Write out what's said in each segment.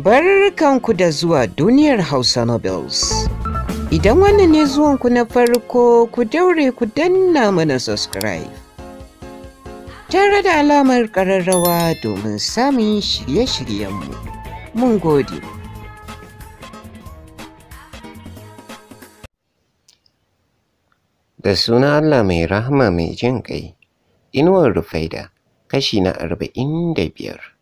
Barkanku da zuwa duniyar Hausa Nobles. Idan wannan ne zuwanku na farko ku daure ku danna mana subscribe. Tare da alamar ƙararrawa domin samun shirye-shiryenmu. Mun gode. Da suna Allah mai rahama mai jin ƙai, inuwar Rufaida, kashi na arba'in da biyar.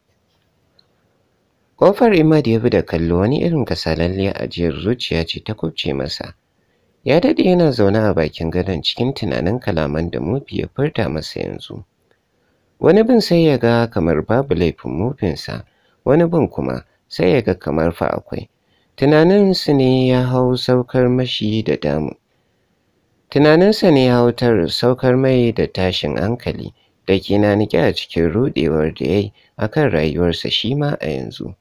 Kofar Imad ya bi da kallo wani irin kasalalle a ajiyar zuciya ce ta kubce masa. Ya daɗe yana zaune a bakin gadon cikin tunanin kalaman da Mufi ya furta masa yanzu. Wani bin sai ya ga kamar babu laifin mufinsa, wani bin kuma sai ya ga kamar fa akwai. Tunaninsu ne ya hau saukar mashi da damu. Tunaninsa ne ya tar saukar mai da tashin hankali da ke na a cikin rudewar da ya yi a kan rayuwarsa shi ma a yanzu.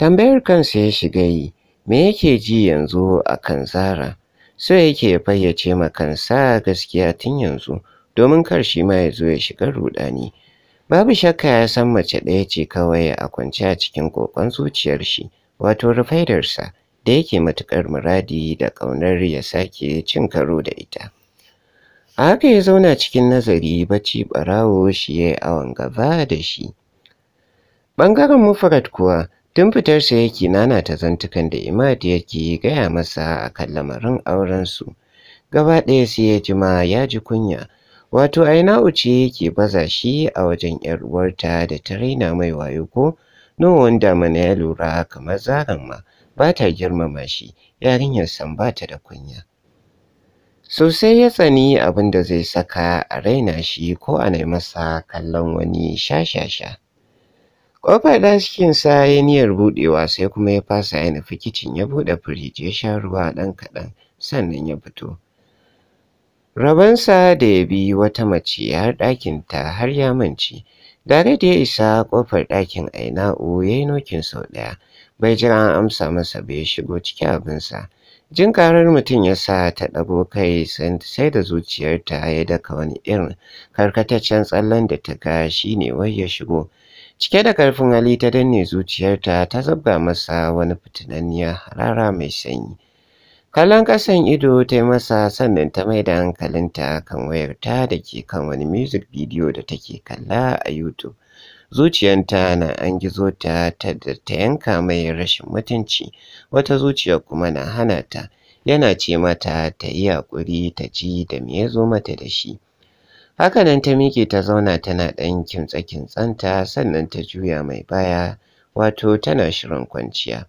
Tambayar kansa ya shiga yi, me yake ji yanzu a kan Zara? So yake ya fayyace ma kansa gaskiya tun yanzu, domin kar shi ma ya zo ya shiga ruɗani. Babu shakka ya san mace ɗaya ce kawai a kwance a cikin kokon zuciyar shi, wato rufaidarsa da yake matuƙar muradi da ƙaunar ya sake cin karo da ita. A haka ya zauna cikin nazari bacci ɓarawo shi ya yi awon gaba da shi. Ɓangaren Mufarat kuwa Tun fitarsa yake nana ta zantukan da Imad yake gaya masa a kan lamarin aurensu. Gaba ɗaya sai ya jima ma ya ji kunya. Wato a aina uce yake baza shi a wajen 'yar uwarta da ta raina mai wayo ko no wanda mana ya lura kamar zaran ma ba ta girmama shi yarinyar san ba ta da kunya. Sosai ya tsani abin da zai saka a raina shi ko a nai masa kallon wani shashasha. Ƙofar sa ya niyar niyyar buɗewa sai kuma ya fasa ya nufi kicin ya buɗe firiji ya sha ruwa ɗan kaɗan sannan ya fito. Rabonsa da ya bi wata mace har ta har ya manci. Dare da ya isa ƙofar ɗakin Aina'u ya yi nokin sau ɗaya. Bai jira an amsa masa ba ya shigo cikin abinsa. Jin karar mutum ya sa ta ɗago kai sai da zuciyarta ya daka wani irin karkataccen tsallen da ta ga shi ne wai ya shigo. Cike da ƙarfin hali ta danne zuciyarta ta zabga masa wani fitinanniya harara mai sanyi. Kallon ƙasan ido ta yi masa sannan ta mai da hankalinta kan wayarta da ke kan wani music bidiyo da take kalla a YouTube. Zuciyanta na an gizo ta ta ta yanka mai rashin mutunci, wata zuciya kuma na hana ta. Yana ce mata ta yi haƙuri ta ji da me ya zo mata da shi. Haka nan ta miƙe ta zauna tana ɗan kintsa-kintsanta sannan ta juya mai baya wato tana shirin kwanciya.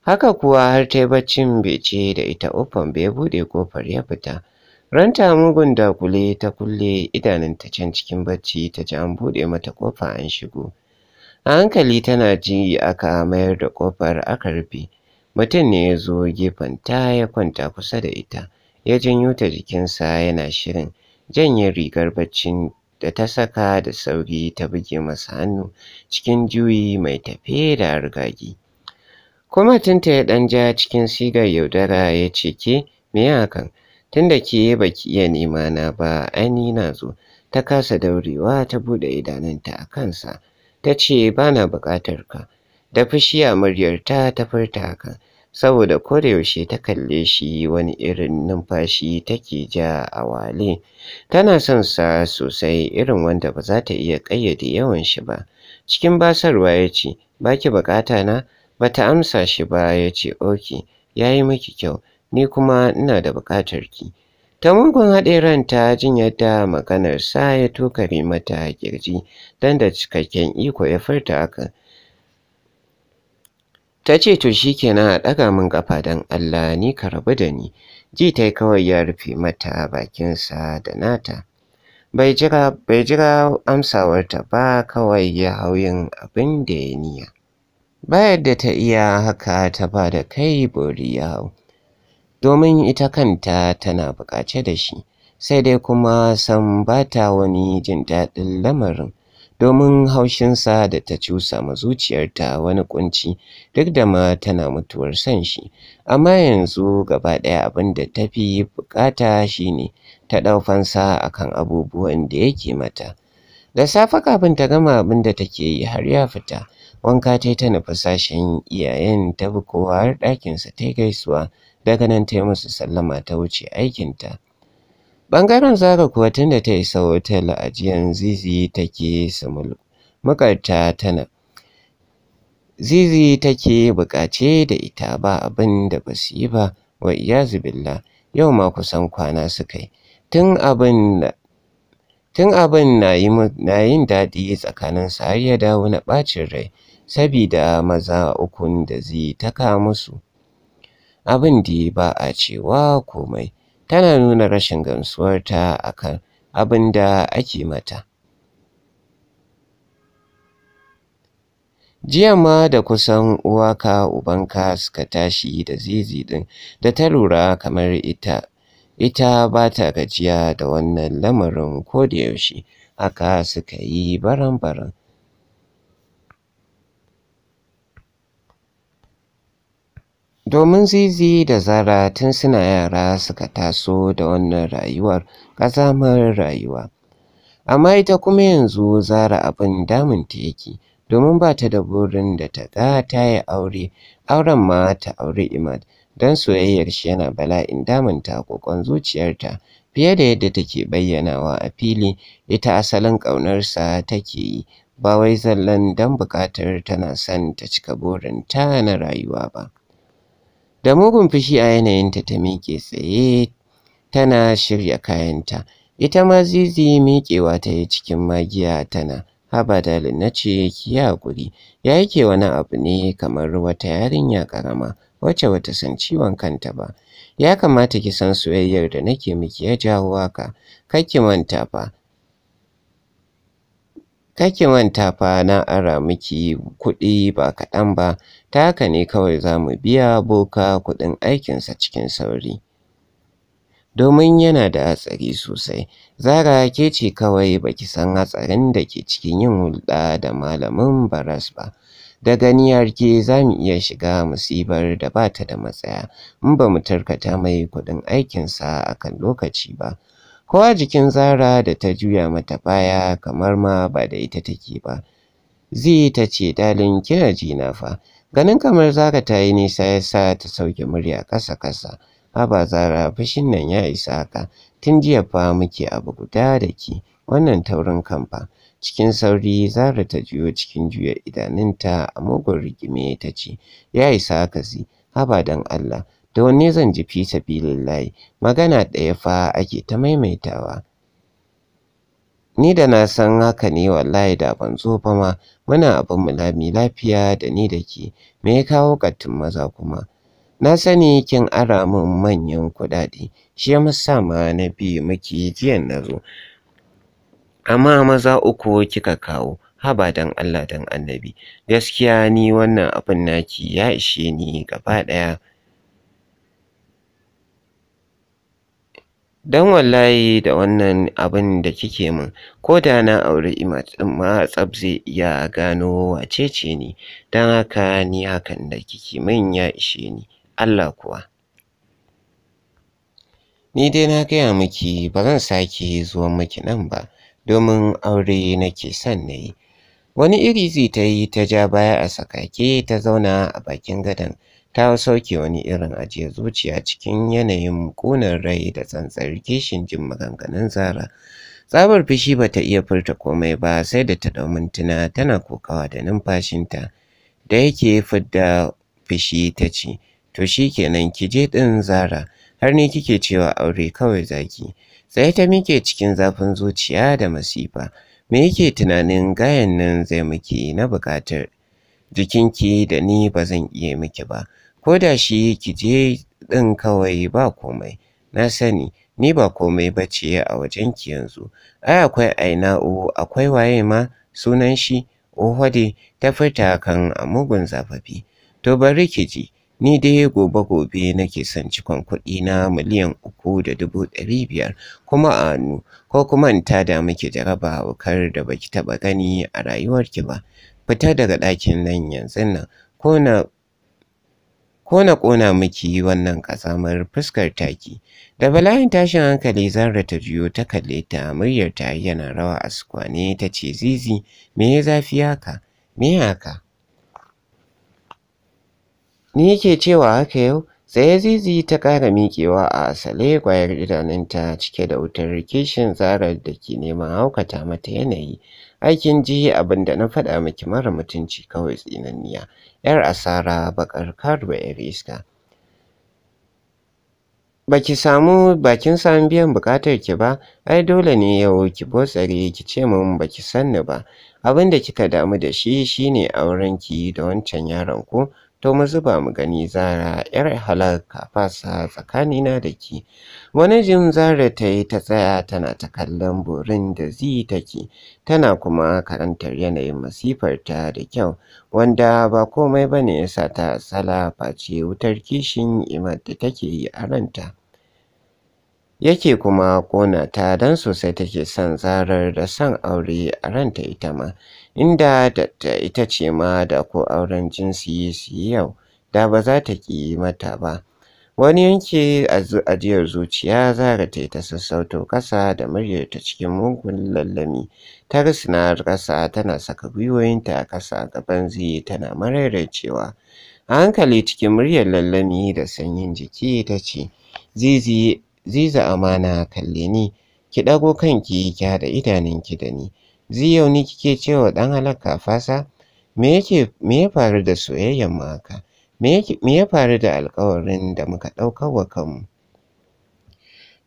Haka kuwa har ta yi baccin bai da ita uffan bai buɗe ƙofar ya fita. Ranta mugun dakule ta kulle idanunta can cikin bacci ta ji an buɗe mata ƙofa an shigo. A hankali tana ji aka mayar da ƙofar aka rufe. Mutum ne ya zo gefenta ya kwanta kusa da ita, ya janyo ta jikinsa yana shirin janye rigar baccin da ta saka da sauri ta buge masa hannu cikin juyi mai tafe da hargagi. Kuma ta ya ɗan ja cikin sigar yaudara ya ce ke me hakan tunda ke baki iya nema na ba ni na zo ta kasa daurewa ta buɗe idanunta a kansa ta ce ba na buƙatar ka da fushi a muryarta ta furta hakan saboda yaushe ta kalle shi wani irin numfashi take ja a wale tana son sa sosai irin wanda ba za ta iya ƙayyade yawan shi ba cikin basarwa ya ce baki bukata na bata amsa shi ba ya ce oke ya yi miki kyau ni kuma ina da bukatar ki ta mugun haɗe ranta jin yadda maganar sa ya tokare mata kirji don da cikakken iko ya furta haka ta ce to shi kenan a ɗaga min ƙafa don Allah ni ka rabu da ni ji ta kawai ya rufe mata bakinsa da nata bai jira bai jira amsawarta ba kawai ya hau yin abin da ya niya Bayar da ta iya haka ta ba da kai bori ya hau domin ita kanta tana buƙace da shi sai dai kuma san ba ta wani jin daɗin lamarin domin haushinsa da ta cusa ma zuciyarta wani kunci duk da ma tana mutuwar son shi amma yanzu gaba ɗaya abin da ta fi bukata shine ta ɗau fansa akan abubuwan da yake mata da safe kafin ta gama abin da take yi har ya fita wanka ta ta nufi sashen iyayen ta bi kowa har ɗakinsa ta gaisuwa daga nan ta yi musu sallama ta wuce aikinta Ɓangaren Zara kuwa tun da ta isa otal a jiyan Zizi take sumulmuƙarta tana Zizi take buƙace da ita ba abin da ba su yi ba wa iyazu yau ma kusan kwana suka yi tun abin na yin daɗi tsakanin su har ya dawo na ɓacin rai sabida maza ukun da zai taka musu abin da ba a cewa komai tana nuna rashin gamsuwarta akan abin da ake mata. Jiya ma da kusan uwaka ubanka suka tashi da zizi ɗin da ta lura kamar ita ita ba ta gajiya da wannan lamarin ko da yaushe haka suka yi baran-baran domin Zizi da Zara tun suna yara suka taso da wannan rayuwar ƙazamar rayuwa. Amma ita kuma yanzu Zara abin damunta yake domin ba ta da burin da ta ga ta yi aure, auren ma ta auri Imad don soyayyar shi yana bala'in damunta kokon zuciyarta fiye da yadda take bayyanawa a fili ita asalin ƙaunarsa take yi ba wai zallan don buƙatar tana son ta cika burinta na rayuwa ba. da mugun fushi a yanayinta ta miƙe tsaye tana shirya kayanta ita ma zizi miƙewa ta yi cikin magiya tana habadal na ce ki guri. ya yake wani abu ne kamar wata yarinya ƙarama wacce wata san ciwon kanta ba ya kamata ki san soyayyar da nake miki ya jawo haka kar manta fa kake manta fa na ara miki kuɗi ba kaɗan ba ta haka ne kawai za mu biya boka kuɗin aikinsa cikin sauri. Domin yana da hatsari sosai, Zara ke ce kawai baki san hatsarin da ke cikin yin hulɗa da malamin baras ba. Da ganiyar ke za mu iya shiga musibar da ba ta da matsaya, in ba mu tarkata mai kuɗin aikinsa a kan lokaci ba. Kowa jikin Zara da ta juya mata baya kamar ma ba da ita take ba. Zai ta ce dalin kina ji na fa. Ganin kamar Zara ta yi nisa ya sa ta sauke murya ƙasa-ƙasa. Haba Zara fushin nan ya isa ka Tun jiya fa muke abu guda da ke wannan taurin kamfa Cikin sauri Zara ta juyo cikin juya idanunta a mugun rigime ta ce, Ya isa ka zi, haba don Allah, da wanne zan ji fi sabilillahi magana ɗaya fa ake ta maimaitawa. Ni da na san haka ne wallahi da ban zo ba ma muna abin mu lafiya da ni da ke me ya kawo kattun maza kuma. Na sani kin ara min manyan kuɗaɗe shi ya musa ma na bi miki jiyan na zo. Amma maza uku kika kawo haba dan Allah dan annabi gaskiya ni wannan abin naki ya ishe ni gaba ɗaya. don wallahi da wannan abin da kike min ko da na auri ma zai ya gano wace ce ni don haka ni hakan da kike min ya ishe ni Allah kuwa ni dai na gaya miki ba zan sake zuwa miki nan ba domin aure nake son na yi wani iri zai ta yi ta ja baya a sakake ta zauna a bakin gadon ta sauke wani irin ajiye zuciya cikin yanayin ƙunar rai da tsantsar kishin jin maganganun Zara. Tsabar fushi ba ta iya furta komai ba sai da ta ɗau mintuna tana kokawa da numfashinta da yake fidda fushi ta ce, To shi kenan ki je ɗin Zara, har ni kike cewa aure kawai zaki. Sai ta mike cikin zafin zuciya da masifa. Me yake tunanin gayan nan zai miki na buƙatar jikinki da ni ba zan iya miki ba. ko da shi ki je ɗin kawai ba komai na sani ni ba komai ba ce a wajen ki yanzu ai akwai aina o. akwai waye ma sunan shi ohode ta furta kan a mugun zafafi to bari ki ji ni dai gobe gobe nake son cikon kuɗi na miliyan uku da dubu ɗari biyar kuma a hannu ko kuma in tada miki jaraba kar da baki taɓa gani a rayuwarki ba fita daga ɗakin nan yanzu nan ko na ko na ƙona miki wannan ƙazamar fuskar taki. Da bala'in tashin hankali Zarra ta juyo ta kalle ta muryar ta yana rawa a sukwane ta ce zizi me ya zafi haka me haka. Ni yake cewa haka yau sai zizi ta ƙara miƙewa a asale kwayar idanunta cike da wutar kishin zarar da ke neman haukata mata yanayi aikin ji abinda na faɗa miki mara mutunci kawai tsinanniya yar asara bakar karba yar iska baki samu bakin samu biyan bukatar ki ba ai dole ne yau ki botsare ki ce min baki sanni ba abin da kika damu da shi shine auren ki da wancan yaron ko to mu zuba mu gani zara yar halal ka fasa tsakanina da ki wani jin zara ta yi ta tsaya tana ta kallon burin da zi take tana kuma karantar yanayin masifar ta da kyau wanda ba komai bane ya sa ta sala face wutar kishin imar da take yi a ranta yake kuma ƙona ta don sosai take son zarar da son aure a ranta ita ma inda da ita ce ma da ko auren jinsi su yi yau da ba za ta ki mata ba wani yanke ajiyar zuciya zara ta yi ta sassauto kasa da muryar ta cikin mugun lallami ta risina kasa tana saka gwiwoyinta a kasa gaban zai tana cewa. a hankali cikin muryar lallami da sanyin jiki ta ce zizi ziza amana kalle ni ki ɗago kanki ki haɗa idanunki da ni yau ni kike cewa ɗan halaka fasa me yake me ya faru da soyayyar mu haka me ya faru da alƙawarin da muka ɗaukar wa kanmu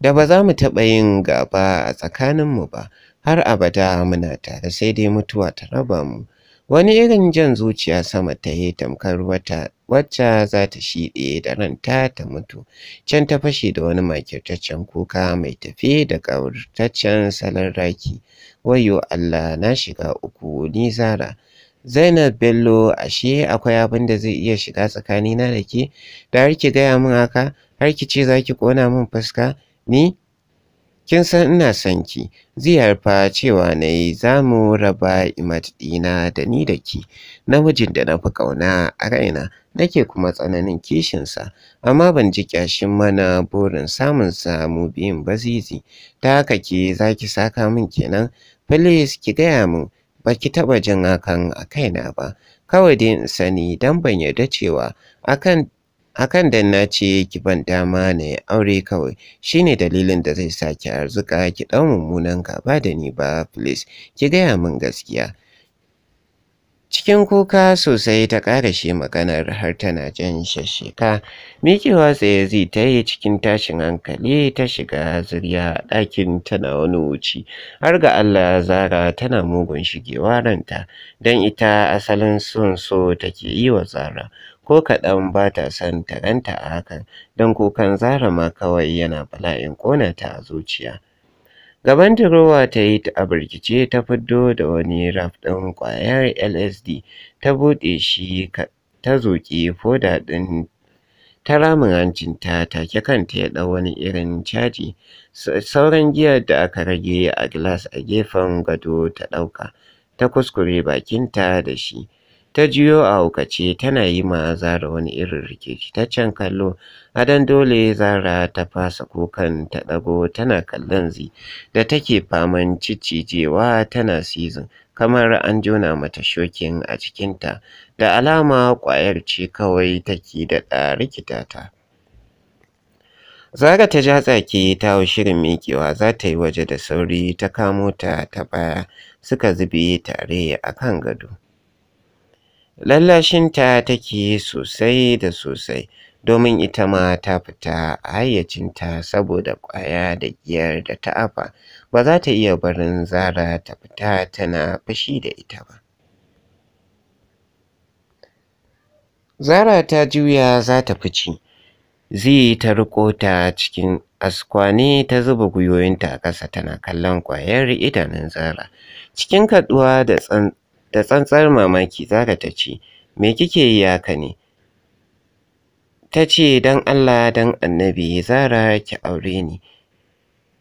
da ba za mu taɓa yin gaba a tsakaninmu ba har abada muna tare sai dai mutuwa ta raba mu wani irin jan zuciya sama ta yi tamkar wata wacce za ta shiɗe da ranta ta mutu can ta fashe da wani makirtaccen kuka mai tafe da ƙaurataccen salon raki wayo allah na shiga uku ni zara zainab bello ashe akwai abin da zai iya shiga tsakanina da ke da har ki gaya min haka har ki ce za ki ƙona min fuska ni kin san ina son ki ziyar fa cewa na yi za mu raba imat ɗina da ni da ki namijin da na fi ƙauna a raina nake kuma tsananin kishinsa amma ban ji ƙyashin mana burin samun samu biyun bazizi ta haka ke za ki saka min kenan please ki gaya mu, ba ki taɓa jin hakan a kaina ba kawai dai in sani don ban yarda cewa akan hakan da na ce ki ban dama na yi aure kawai shine dalilin da zai sa ki arzuka ki ɗan mummunan gaba da ni ba please ki gaya min gaskiya cikin kuka sosai ta ƙara shi maganar har tana jan shashika miƙewa tsaye zai ta yi cikin tashin hankali ta shiga zuriya ɗakin tana wani wuci har ga allah zara tana mugun shigewa ranta don ita asalin son so take yi wa zara ko kaɗan ba ta son ta a hakan don kukan Zara ma kawai yana bala'in ƙona ta a zuciya. Gaban durowa ta yi a birkice ta fiddo da wani raf ɗin ƙwayar LSD ta buɗe shi ta zuƙi foda ɗin ta ramin hancinta take kanta ya ɗau wani irin caji sauran giyar da aka rage a gilas a gefen gado ta ɗauka ta kuskure bakinta da shi. ta juyo a aukace tana yi ma Zara wani irin rikici can kallo dan dole Zara ta fasa kukan ta ɗago tana kallon zi da take faman ciccijewa tana sizin, kamar an jona mata shokin a cikinta da alama ƙwayar ce kawai take da rikita ta. Zara ta ja tsaki ta hau shirin miƙewa za ta yi waje da sauri ta kamo ta ta baya suka zube tare a kan gado. Lallashinta take sosai da sosai domin ita ma ta fita hayyacinta saboda ƙwaya da giyar da ta afa. Ba za ta iya barin Zara ta fita tana fashi da ita ba. Zara ta juya za ta fice. Zai ta riko ta cikin askwane ta zuba gwiwoyinta a ƙasa tana kallon ƙwayar idanun Zara. Cikin kaɗuwa da tsan da tsantsar mamaki zaka ta ce, Me kike yi haka ne? Ta ce, Don Allah don annabi Zara ki aure ni.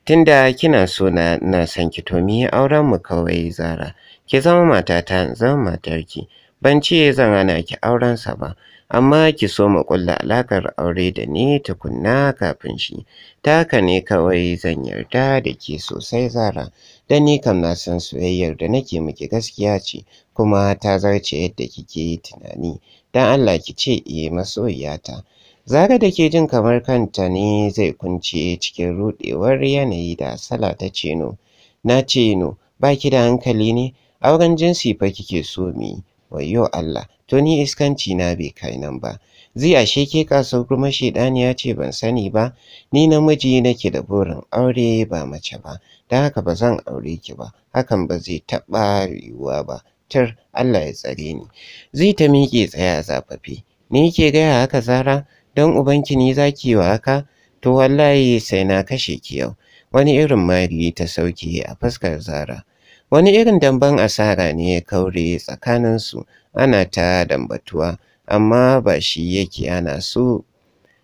Tunda kina so na na san ki to mi auren mu kawai Zara. Ki zama matata, zama matarki. Ban ce zan hana ki auren sa ba, amma ki so mu kulla alakar aure da ni tukunna kafin shi. Ta haka ne kawai zan yarda da ke sosai Zara. da ni kam na san soyayyar da nake miki gaskiya ce kuma ta zarce yadda kike yi tunani dan Allah ki ce eh masoyiyata Zara da ke jin kamar kanta ne zai kunce cikin rudewar yanayi da sala ta ce no na ce no ba ki da hankali ne auren jinsi fa kike so mi wayo Allah to ni iskanci na bai kai nan ba zai ashe ke kasar kuma ya ce ban sani ba ni namiji nake da burin aure ba mace ba don haka ba zan aure ki ba hakan ba zai taɓa yiwuwa ba tir Allah ya tsare ni zai ta miƙe tsaya zafafe ni yake gaya haka zara don ubanki za yi wa haka to wallahi sai na kashe ki yau wani irin mari ta sauke a fuskar zara wani irin damben asara ne ya kaure tsakaninsu ana ta dambatuwa amma ba shi yake ana so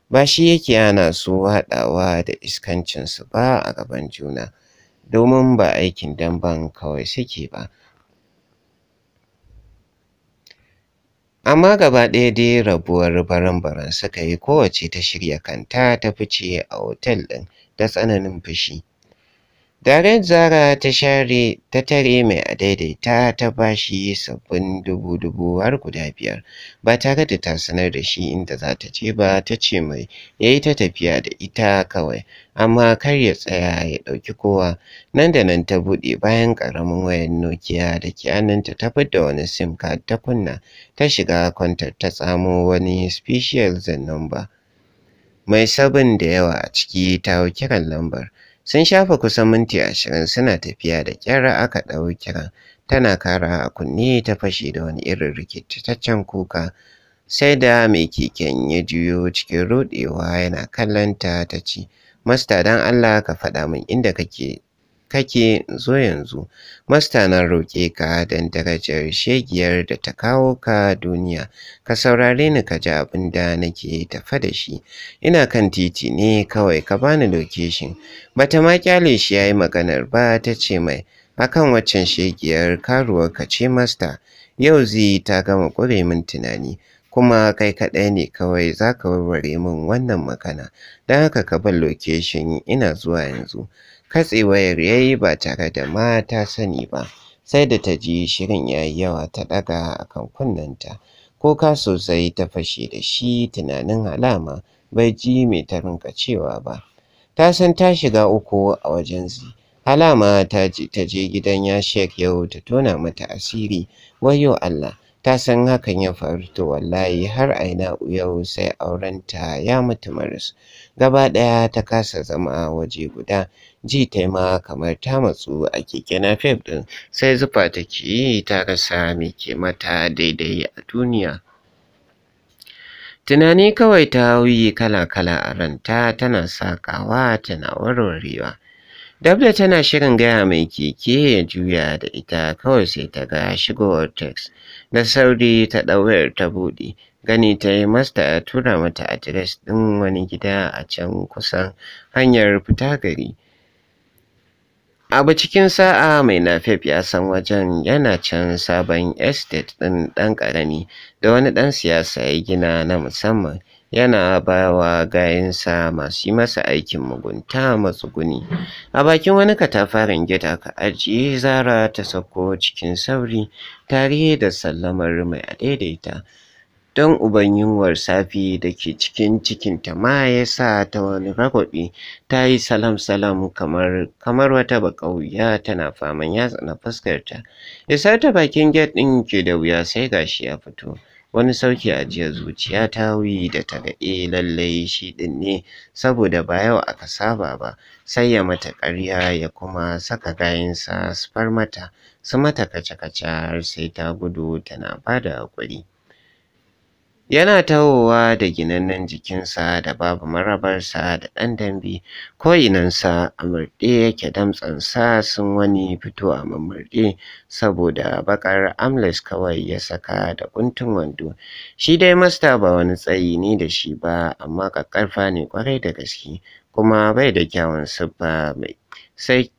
ba shi yake ana so haɗawa da iskancinsu ba a gaban juna domin ba aikin damben kawai suke ba. Amma gaba ɗaya dai rabuwar baran-baran suka yi kowace ta shirya kanta ta fice a otel ɗin ta tsananin fushi. Daren Zara ta share ta tare mai adaidaita ta ba shi sabbin dubu-dubu har guda biyar ba tare da ta sanar da shi inda za ta je ba ta ce mai ya yi ta tafiya da ita kawai amma kar ya tsaya ya ɗauki kowa nan da nan ta buɗe bayan ƙaramin wayar Nokia da ke hannunta ta fidda wani sim card ta kunna ta shiga kwantar ta tsamo wani special zin number mai sabin da yawa a ciki ta kiran lambar. Sun shafa kusan minti ashirin suna tafiya da kyar aka ɗau kiran. Tana kara a kunne ta fashe da wani irin rikitaccen kuka. Sai da mai keken ya juyo cikin ruɗewa yana kallon ta ta ce, Masta don Allah ka faɗa min inda kake kake zo yanzu masta na roƙe ka don darajar shegiyar da ta kawo ka duniya ka saurare ni ka ji abin da nake tafa da shi ina kan titi ne kawai ka bani location bata ma kyale shi ya yi maganar ba ta ce mai akan waccan shegiyar karuwar ka ce masta yau zai ta gama ƙure min tunani kuma kai kaɗai ne kawai za ka warware min wannan magana don haka ka bar location ina zuwa yanzu katse wayar ya yi ba tare da ma ta sani ba sai da ta ji shirin ya yi yawa ta ɗaga a kan kunnenta kuka sosai ta fashe da shi tunanin alama bai ji mai ta rinka cewa ba ta san ta shiga uku a wajen zi alama ta je gidan ya shek yau ta tona mata asiri wayo Allah ta san hakan ya faru to wallahi har aina yau sai aurenta ya mutu maris gaba ɗaya ta kasa zama waje guda ji ta ma kamar ta matsu a keke fef ɗin sai zufa take yi ta rasa mai ke mata daidai a duniya tunani kawai ta wuyi kala-kala a ranta tana sakawa tana warwarewa dabda tana shirin gaya mai keke ya juya da ita kawai sai ta ga shigowar text da sauri ta ɗauyar ta buɗe gani ta yi masta tura mata adires ɗin wani gida a can kusan hanyar fita gari abu cikin sa'a mai Nafep ya san wajen yana can sabon estate ɗin ɗan ƙarami da wani ɗan siyasa ya gina na musamman yana bawa gayinsa masu yi masa aikin mugunta matsuguni a bakin wani katafaren gida ka ajiye zara ta sauko cikin sauri tare da sallamar mai adaidaita don uban yunwar safi da ke cikin cikinta ma ya sa ta wani ragwaɓe ta yi salam-salam kamar, kamar wata baƙauya tana faman yatsa na fuskarta. sa ta bakin get ɗin ke da wuya sai gashi ya fito. Wani sauki a jiya zuciya ta wuyi da ta ga e lallai shi ɗin ne saboda ba yau aka saba ba sai ya mata ƙarya ya kuma saka kayansa su far mata su mata kaca-kaca har sai ta gudu tana bada haƙuri. yana tahowa da ginannen jikinsa da babu marabarsa da ɗan dambe ko'inansa a murɗe yake damtsansa sun wani fito a mamurɗe saboda bakar amles kawai ya saka da ƙuntun wando shi dai masta ba wani tsayi ne da shi ba amma ƙaƙƙarfa ne kwarai da gaske kuma bai da kyawun siffa mai sai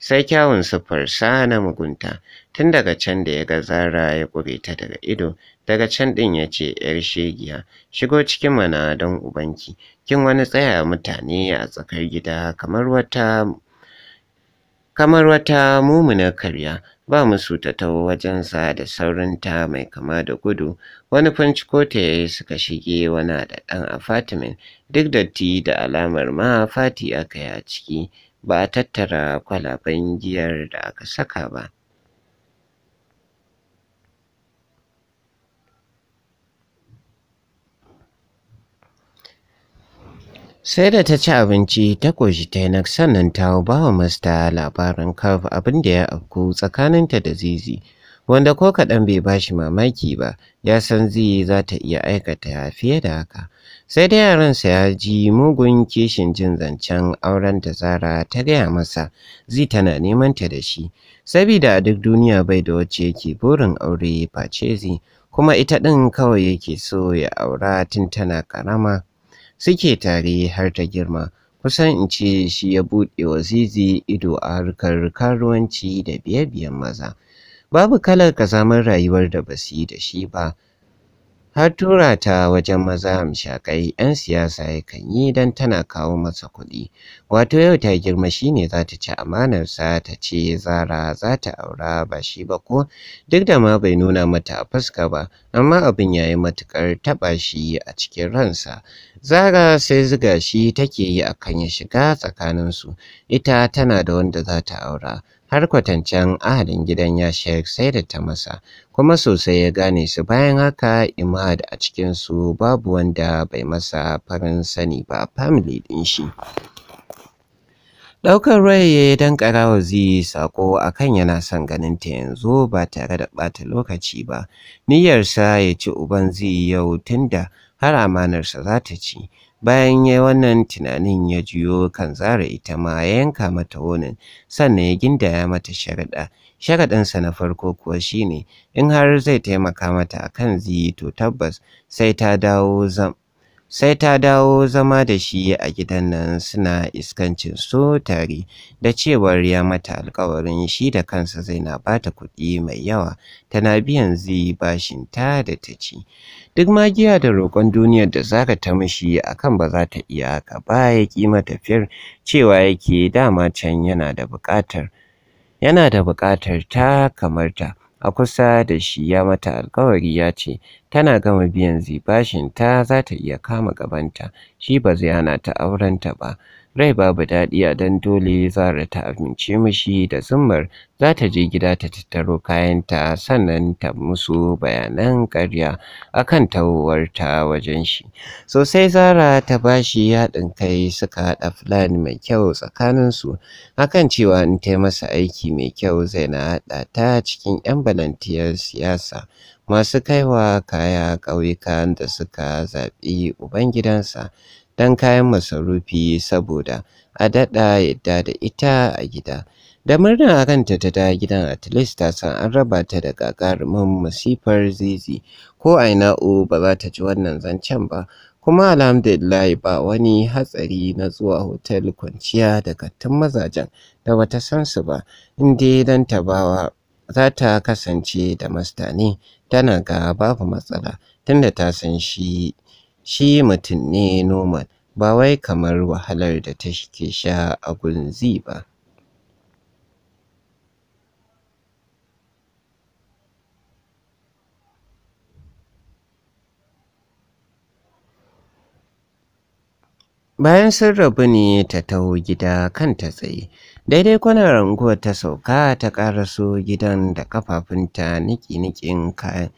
sai kyawun farsa na mugunta tun daga can da ya ga zara ya ƙure ta daga ido daga can ɗin ya ce ‘yar shegiya shigo cikin mana don ubanki kin wani tsaya mutane a tsakar gida kamar wata kamar karya ba musu ta wajen wajensa da ta mai kama da gudu wani fincikota ya yi suka shige wani da ɗan afatimin duk datti da alamar ma fati aka yi a ciki ba a tattara kwalaben giyar da aka saka ba. Sai da ta ci abinci ta koshi Tainak sannan ta bawa masta labarin Kaf abinda ya afku tsakaninta da Zizi. wanda ko kaɗan bai ba shi mamaki ba ya san zai za ta iya aikata fiye da haka sai dai sa ya ji mugun kishin jin zancen auren da zara ta gaya masa zai tana neman ta da shi sabida a duk duniya bai da wacce yake burin aure face zai kuma ita ɗin kawai yake so ya aura tun tana ƙarama suke tare har ta girma kusan in ce shi ya buɗe wa zizi ido a harkar karuwanci da biye-biyen maza babu kalar kazamin rayuwar da ba su yi da shi ba har tura ta wajen maza amshakai 'yan siyasa yakan yi don tana kawo masa kuɗi wato yau ta girma shi ne za ta ci amanarsa ta ce zara za ta aura ba shi ba ko duk da ma bai nuna mata a fuska ba amma abin ya yi matuƙar taɓa shi a cikin ransa zara sai ziga shi take yi akan ya shiga tsakaninsu ita tana da wanda za ta aura har kwatancen ahalin gidan ya Sheikh sai da ta masa kuma sosai ya gane su bayan haka Imad a cikin babu wanda bai masa farin sani ba family din shi Daukar rai ya yi don ƙarawa yi sako a kan yana son ganin ta yanzu ba tare da ɓata lokaci ba. Niyyarsa ya ci uban zi yau tunda har amanarsa za ta ci. Bayan ya wannan tunanin ya juyo kan Zara ita ma ya yanka mata wonin, sannan ya gindaya mata sharaɗa. sharaɗansa na farko kuwa shine in har zai taimaka mata akan ziyi to tabbas sai ta dawo zam sai ta dawo zama da shi a gidan nan suna iskancin so tare da cewar ya mata alkawarin shi da kansa zai na bata kuɗi mai yawa tana biyan zai bashin ta da ta ci duk magiya da roƙon duniyar da zaka ta mishi akan ba za ta iya haka ba ya ƙi mata fiyar cewa yake dama can yana da buƙatar yana da buƙatar ta kamar ta a kusa da shi ya mata alkawari ya ce tana gama biyan bashinta za ta iya kama gabanta shi ba zai hana ta aurenta ba rai babu daɗi a dan dole Zara ta amince mishi da zummar za ta je gida ta tattaro kayanta sannan ta musu bayanan ƙarya akan tawowarta wajen shi sosai Zara ta bashi haɗin kai suka haɗa fulani mai kyau tsakaninsu akan cewa in ta masa aiki mai kyau zai na haɗa ta cikin 'yan balantiyar siyasa masu kaiwa kaya ƙauyukan da suka zaɓi ubangidansa don kayan masarufi saboda a daɗa yadda da ita a gida. Da murna a kanta ta dawo gidan at least ta san an raba ta da gagarumin masifar zizi ko o ba za ta ji wannan zancen ba kuma alhamdulillah ba wani hatsari na zuwa hotel kwanciya da kattun mazajen da bata san su ba inda dan tabawa za ta kasance da mastani tana ga babu matsala tunda ta san shi shi mutum ne normal ba wai kamar wahalar da ta take sha a gunzi ba. Bayan sun rabu ne ta taho gida kanta tsaye, daidai kwanan ranguwa ta sauka ta ƙaraso gidan da ƙafafunta niƙi-niƙin kayan.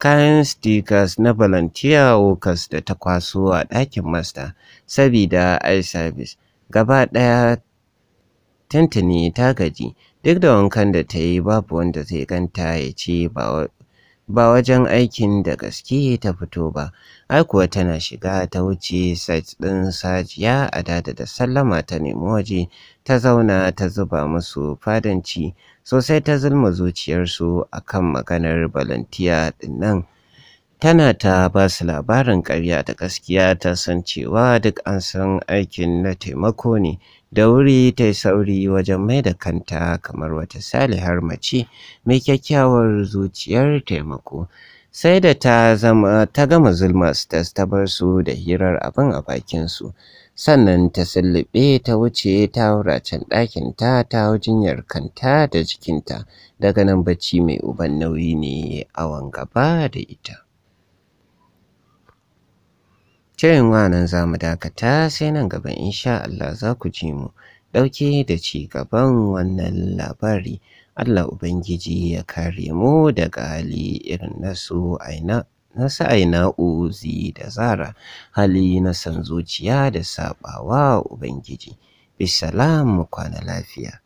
kayan stickers na volunteer workers da ta kwaso a ɗakin master sabida eye service gaba ɗaya tantane ta gaji duk da wankan da ta yi babu wanda zai ganta ya ce ba ba wajen aikin da gaske ta fito ba ai kuwa tana shiga ta wuce site ɗin sajiya a dada da sallama ta nemi waje ta zauna ta zuba musu fadanci sosai ta zulma zuciyarsu a kan maganar balantiya ɗin nan tana ta ba su labarin ƙarya da gaskiya ta san cewa duk an san aikin na taimako ne da wuri ta yi sauri wajen mai da kanta kamar wata salihar mace mai kyakkyawar zuciyar taimako sai da ta zama ta gama zulmas ta bar su da hirar abin a bakinsu sannan ta sallube ta wuce ta haura can ɗakin ta ta hau jinyar kanta da jikinta daga nan bacci mai uban nauyi ne awon gaba da ita wa nan za mu dakata sai nan gaba insha Allah za ku ji mu ɗauke da ci gaban wannan labari. Allah Ubangiji ya kare mu daga hali irin nasu aina nasu aina uzi da zara hali na san zuciya da saɓawa Ubangiji. bisalamu mu kwana lafiya.